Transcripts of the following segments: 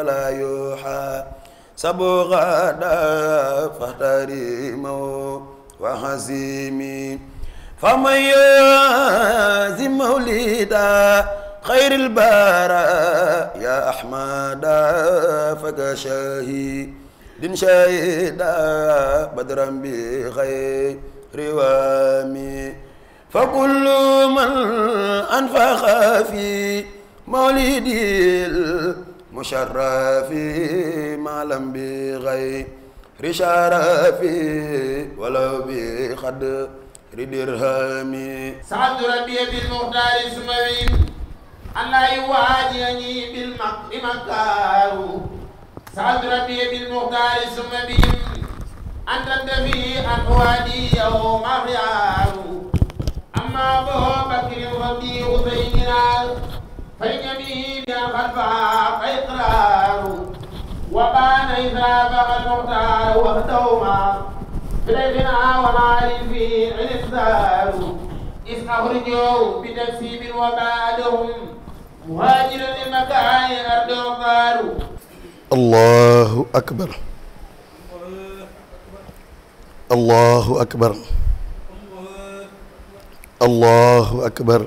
فلا يوحى سبغ فتريمه وحزيمي فمن يعزم مولدا خير البراء يا أحمد فكشهيد شهيدا بدرا بخير روامي فكل من أنفخ في مولدي musharrafi maalam bi xay richarafi walaw bi xadd ridirhami saadu rabbiya bil muxtaari sumawin allah yu waajiyani bil maq bi makkaaru saadu rabbiya bil muxtaari sumawin anta dafi an waadi yow maxyaaru amma boo bakri wa bi usayninaar فاليمين خلفها فإقرار وبان إذا بغى المختار وحدهما بليلنا ومال في الإصدار إذ أخرجوا بتكسيب وبعدهم مهاجرا لمكان أرض الدار الله أكبر الله أكبر الله أكبر, الله أكبر.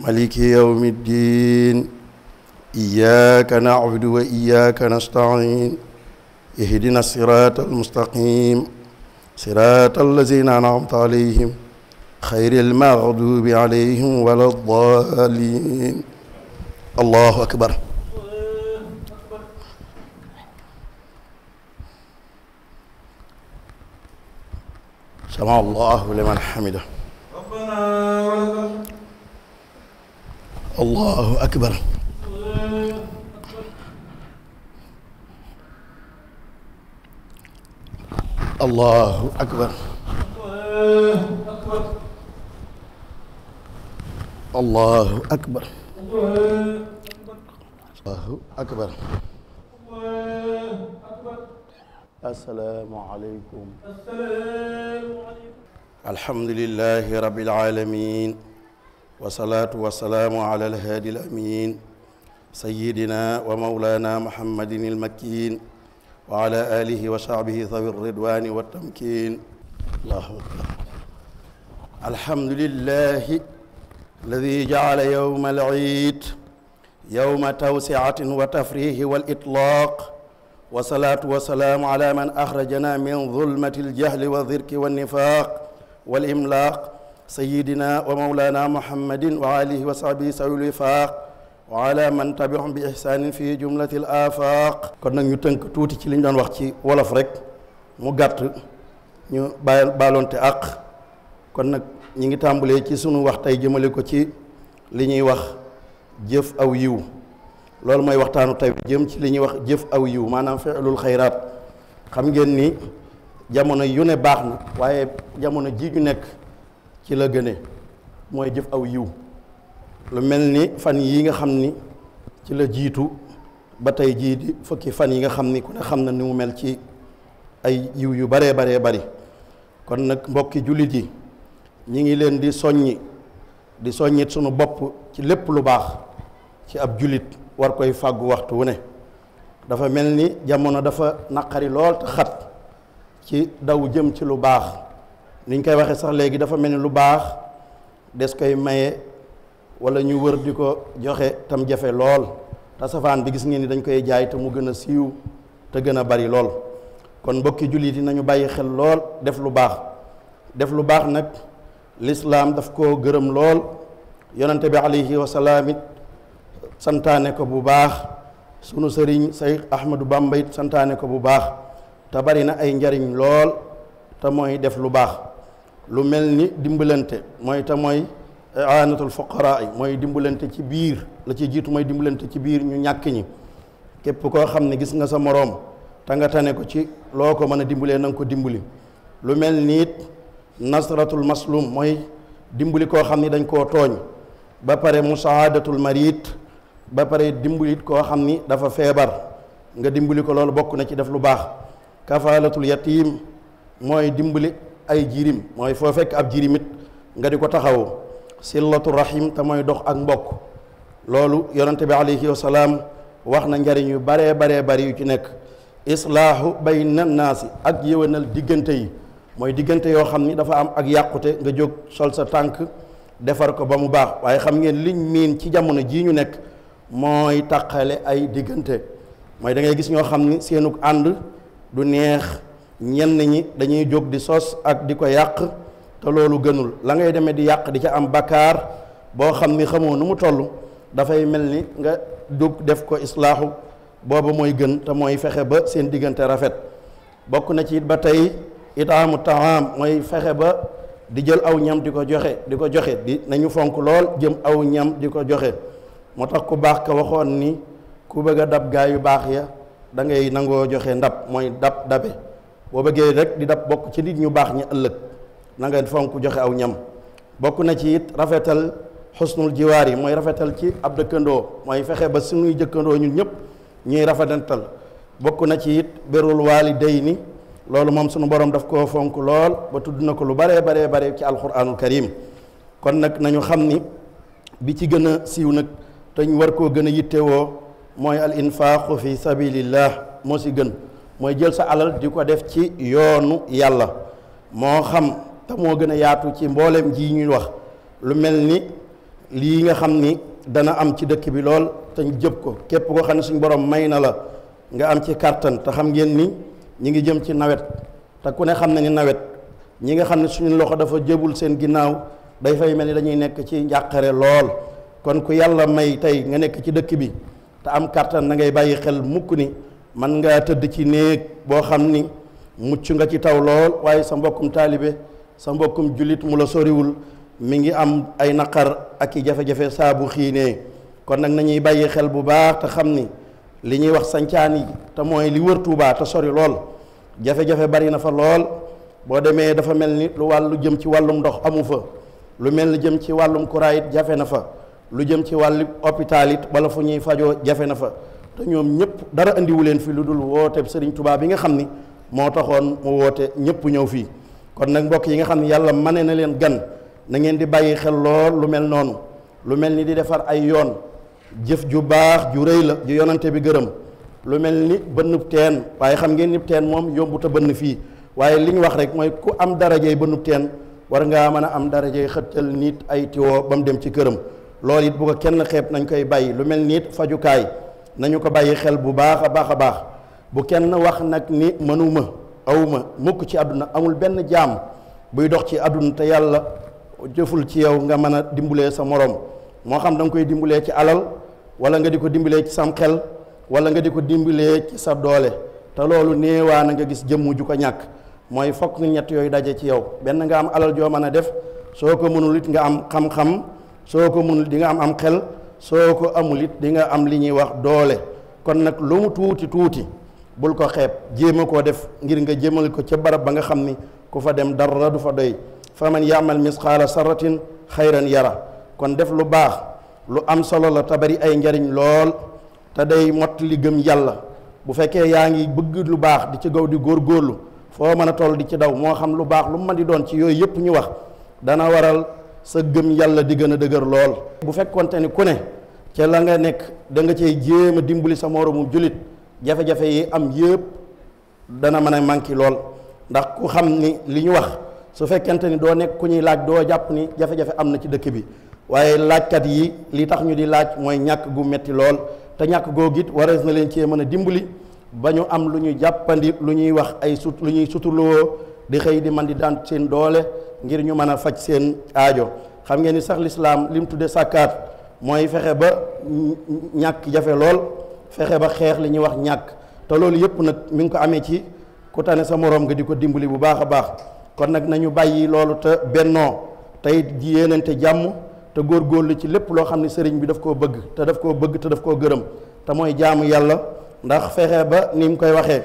maliki yawmi ddin iyyaka na'budu wa iyyaka nasta'in ihdina sirata almustaqim sirata allazina an'amta alayhim xayril maghdubi alayhim wala ddaalin allahu akbar sami'a allahu liman hamidah allahu akbar allahu akbar allahu akbar allahu akbar assalaamu aleykum alhamdulillahi rabbil aalamiin wasalaatu wasalaamu ala alhaadi alamin sayidina wa maulana muhammadin almakin wa ala alihi wa sahbihi thawi ridwani wattamkin allahu akbar alhamdulillahi alladi jacala yowma alciid yowma tawsiatin wa tafrihi walitlaq wasalaatu wasalaamu ala man axrajana min zulmati aljahli wa dirki wannifaq walimlaaq sayidina wa mawlana muhammadin wa alihi wa sahbihi sawil wifaaq wa ala man tabiahum bi ihsaanin fi jumlati l afaq kon nag ñu tënk tuuti ci li ñu doon wax ci wolof rek mu gàtt ñu bàyyi baalonte àq kon nag ñi ngi tàmbalee ci suñu wax tey jëmale ko ci li ñuy wax jëf aw yiw loolu mooy waxtaanu tey jëm ci li ñuy wax jëf aw yiw maanaam fi'lul xayraat xam ngeen ni jamono yu ne baax na waaye jamono ji ñu nekk ci la gëne mooy jëf aw yiw lu mel ni fan yi nga xam ni ci la jiitu ba tey jii di fukki fan yi nga xam ni ku ne xam na ni mu mel ci ay yiw yu baree baree bari kon nag mbokki jullit yi ñu ngi leen di soññi di soññit sunu bopp ci lépp lu baax ci ab jullit war koy fàggu waxtu wu ne dafa mel ni jamono dafa naqari lool te xat ci daw jëm ci lu baax ni ñu koy waxee sax léegi dafa mel ni lu baax des koy maye walla ñu wër di ko joxe tam jafe lool te safaan bi gis ngeen ni dañ koy jaay te mu gën a siiw te gën a bari lool kon mbokki jullit yi nañu bàyyi xel lool def lu baax def lu baax nag lislaam daf ko gërëm lool yonante bi alayhi wa it santaane ko bu baax sunu sëriñ Seex Ahmadu Bamba it santaane ko bu baax te bari na ay njariñ lool te mooy def lu baax lu mel ni dimbalante mooy te mooy eh, aanatul fuqaraa mooy dimbalante ci biir la ci jiitu mooy dimbalante ci biir ñu ñàkk ñi képp koo xam ne gis nga sa moroom te nga tane ko ci loo ko mën a dimbalee nanga ko dimbali lu mel ni it nasratul maslum mooy dimbali koo xam ni dañ koo tooñ ba pare musaadatul marit ba pare dimbali koo xam ni dafa feebar nga dimbali ko loolu bokk na ci def lu baax kafaalatul yatim mooy dimbali ay jirim mooy foo fekk ab jirim nga di ko taxawu sillatu rahim te mooy dox ak mbokk loolu yonente bi alayhi wa salaam wax na njariñ yu baree baree bari yu ci nekk islaahu bayna naasi ak yëwénal diggante yi mooy diggante yoo xam ni dafa am ak yàqute nga jóg sol sa tànk defar ko ba mu baax waaye xam ngeen liñ miin ci jamono jii ñu nekk mooy taqale ay diggante mooy dangay gis ñoo xam ni seenug ànd du neex ñenn ñi dañuy jóg di sos ak di ko yàq te loolu gënul la ngay demee di yàq di ca am bakkaar boo xam ni xamoo nu mu toll dafay mel ni nga jóg def ko islaaxu booba mooy gën te mooy fexe ba seen diggante rafet bokk na ci it ba tey itaamu taam mooy fexe ba di jël aw ñam di ko joxe di ko joxe di nañu fonk lool jëm aw ñam di ko joxe moo tax ku baax ka waxoon ni ku bëgg a dab gaa yu baax ya da ngay nangoo joxe ndab mooy dab dabe boo bëggee rek di dab bokk ci nit ñu baax ñi ëllëg na fonk joxe aw ñam bokk na ci it rafetal xusnul jiwaar yi mooy rafetal ci ab dëkkandoo mooy fexe ba suñuy jëkkandoo ñun ñëpp ñuy rafetantal bokk na ci it berul waalidayni loolu moom sunu borom daf ko fonk lool ba tudd na ko lu baree baree bare ci alquranul karim kon nag nañu xam ni bi ci gën a siiw nag te ñu war koo gën a yittewoo mooy al infaaqu fi sabilillah moo ci gën mooy jël sa alal di ko def ci yoonu yàlla moo xam te moo gën a yaatu ci mbooleem ji ñuy wax lu mel ni lii nga xam ni dana am ci dëkk bi lool te ñu jëb ko képp koo xam ne suñu borom may na la nga am ci kàttan te xam ngeen ni ñu ngi jëm ci nawet te ku ne xam na ni nawet ñi nga xam ne suñu loxo dafa jëbul seen ginnaaw day fay mel ni dañuy nekk ci njàqare lool kon ku yàlla may tey nga nekk ci dëkk bi te am kàttan na ngay bàyyi xel mukk ni man ngaa tëdd ci néeg boo xam ni mucc nga ci taw lool waaye sa mbokkum taalibe sa mbokkum jullit mu la soriwul mi ngi am ay naqar ak i jafe-jafe saabu xiinee kon nag nañuy bàyyi xel bu baax te xam ni li ñuy wax sancaan yi te mooy li wër Tuubaa te sori lool jafe-jafe bari na fa lool boo demee dafa mel ni lu wàllu jëm ci wàllum ndox amu fa lu mel ni jëm ci wàllum kuraayit jafe na fa lu jëm ci wàllu hôpital it wala fu ñuy fajoo jafe na fa te ñoom ñëpp dara indiwu leen fii lu dul woote Serigne tubaab yi nga xam ni moo taxoon mu woote ñëpp ñëw fii kon nag mbokk yi nga xam ne yàlla mane na leen gan na ngeen di bàyyi xel lool lu mel noonu lu mel ni di defar ay yoon jëf ju baax ju rëy la ju yonante bi gërëm lu mel ni bënnub teen waaye xam ngeen nib teen moom yombut a bënn fii waaye li ñu wax rek mooy ku am darajey bënnub teen war ngaa mën a am darajey xëttal nit ay tiwoo ba mu dem ci këram loolu it bu kenn xeeb nañ koy bàyyi lu mel ni fajukaay nañu ko bàyyi xel bu baax a baax a baax bu kenn wax nag ni mënuma awma mukk ci àdduna amul benn jaam buy dox ci àdduna te yàlla jëful ci yow nga mën a dimbulee sa morom moo xam da nga koy dimbulee ci alal wala nga di ko dimbalee ci sam xel wala nga di ko dimbalee ci sa doole te loolu néewaa na nga gis jëmm ju ko ñàkk mooy fokk nga ñett yooyu daje ci yow benn nga am alal joo mën a def soo ko mënul it nga am xam-xam soo ko mënul di nga am am xel soo ko amul it di nga am li ñuy wax doole kon nag lu mu tuuti tuuti bul ko xeeb jéem koo def ngir nga jéemal ko ca barab ba nga xam ni ku fa dem dara du fa doy fa man yaamal misqaala sarratin xayran yara kon def lu baax lu am solo la te bari ay njariñ lool te day mott li gëm yàlla bu fekkee yaa ngi bëgg lu baax di ci gaw di góor góorlu foo mën a toll di ci daw moo xam lu baax lu mu mën di doon ci yooyu yëpp ñu wax dana waral sa gëm yàlla di gën a dëgër lool bu fekkonte ni ku ne ca la nga nekk da nga cey jéem a dimbali sa moroomum jullit jafe-jafe yi am yëpp dana mën a manqué lool ndax ku xam ni li ñu wax su fekkente ni doo nekk ku ñuy laaj doo jàpp ni jafe-jafe am na ci dëkk bi waaye laajkat yi li tax ñu di laaj mooy ñàkk gu metti lool te ñàkk googu it warees na leen cee mën a dimbali ba ñu am lu ñu jàppandi lu ñuy wax ay sut lu ñuy suturloo di xëy di man di daan seen doole ngir ñu mën a faj seen aajo xam ngeen ni sax lislaam lim tuddee sàkkaat mooy fexe ba ñàkk jafe lool fexe ba xeex li ñuy wax ñàkk te loolu yëpp nag mi ngi ko amee ci ku tane sa moroom nga di ko dimbali bu baax a baax kon nag nañu bàyyi loolu te bennoo tey ji yéenante jàmm te góor góorlu ci lépp loo xam ne sëriñ bi daf koo bëgg te daf koo bëgg daf koo gërëm te mooy jaamu yàlla ndax fexe ba ni mu koy waxee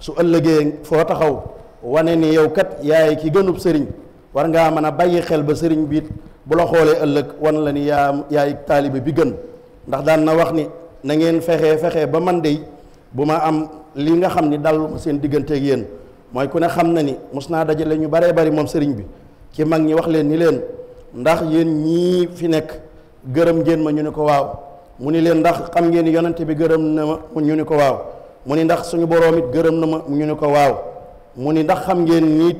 su ëllëgee foo taxaw wane ni yow kat yaay ki gënub sëriñ war ngaa mën a bàyyi xel ba sëriñ biit bu la xoolee ëllëg wan la ni yaa yaay taalibe bi gën ndax daan na wax ni na ngeen fexe fexe ba man dey bu ma am li nga xam ni dal seen digganteeg yéen mooy ku ne xam na ni mus naa dajale ñu baree bari moom sëriñ bi ci mag ñi wax leen ni leen ndax yéen ñii fi nekk gërëm ngeen ma ñu ne ko waaw mu ni leen ndax xam ngeen ni yonante bi gërëm na ma ñu ni ko waaw mu ni ndax suñu boroom gërëm na ma ñu ni ko waaw mu ni xam ngeen niit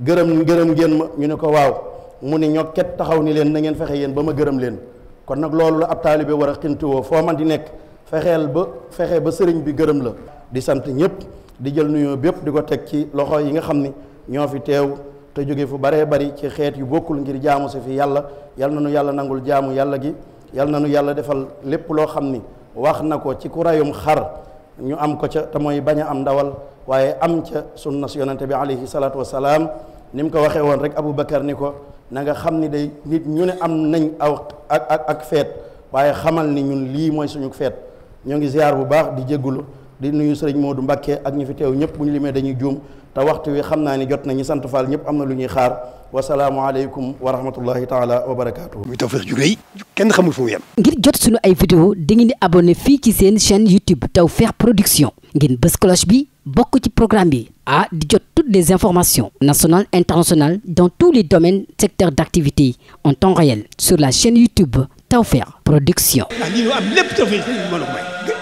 gërëm gërëm ngeen ma ñu ne ko waaw mu ni ñoo ket taxaw ni leen na ngeen fexe yéen ba ma gërëm leen kon nag loolu la ab taalibe war a xintuwoo foo man di nekk fexeel ba fexe ba sëriñ bi gërëm la di sant ñëpp di jël nuyoo bépp di ko teg ci loxo yi nga xam ni ñoo fi teew te jóge fu baree bari ci xeet yu bokkul ngir jaamu si fi yàlla yàlla na nu yàlla nangul jaamu yàlla gi yal na nu yàlla defal lépp loo xam ni wax na ko ci ku rayum xar ñu am ko ca te bañ a am ndawal waaye am ca sunna su yonante bi alayhi salaatu salaam ni mu ko waxee woon rek Aboubacar ni ko na nga xam ni day nit ñu ne am nañ aw ak ak ak feet waaye xamal ni ñun lii mooy suñu feet ñoo ngi ziar bu baax di jéggulu di nuyu sëriñ Modou Mbakke ak ñu fi teew ñëpp ñu limee dañuy juum te waxtu wi xam naa ni jot na ñi sant Fall ñëpp am na lu ñuy xaar wasalaamualeykum wa rahmatullahi taala wa barakaatu. muy tawfeex ju kenn xamul fu mu ngir jot sunu ay vidéo dangeen di abonné fii ci seen chaîne YouTube Tawfekh Production ngeen bës cloche bi bokk ci programme bi ah di jot toutes les informations nationales internationales dans tous les domaines secteurs d'activité en temps réel sur la chaîne YouTube Tawfekh Production. ah lii loo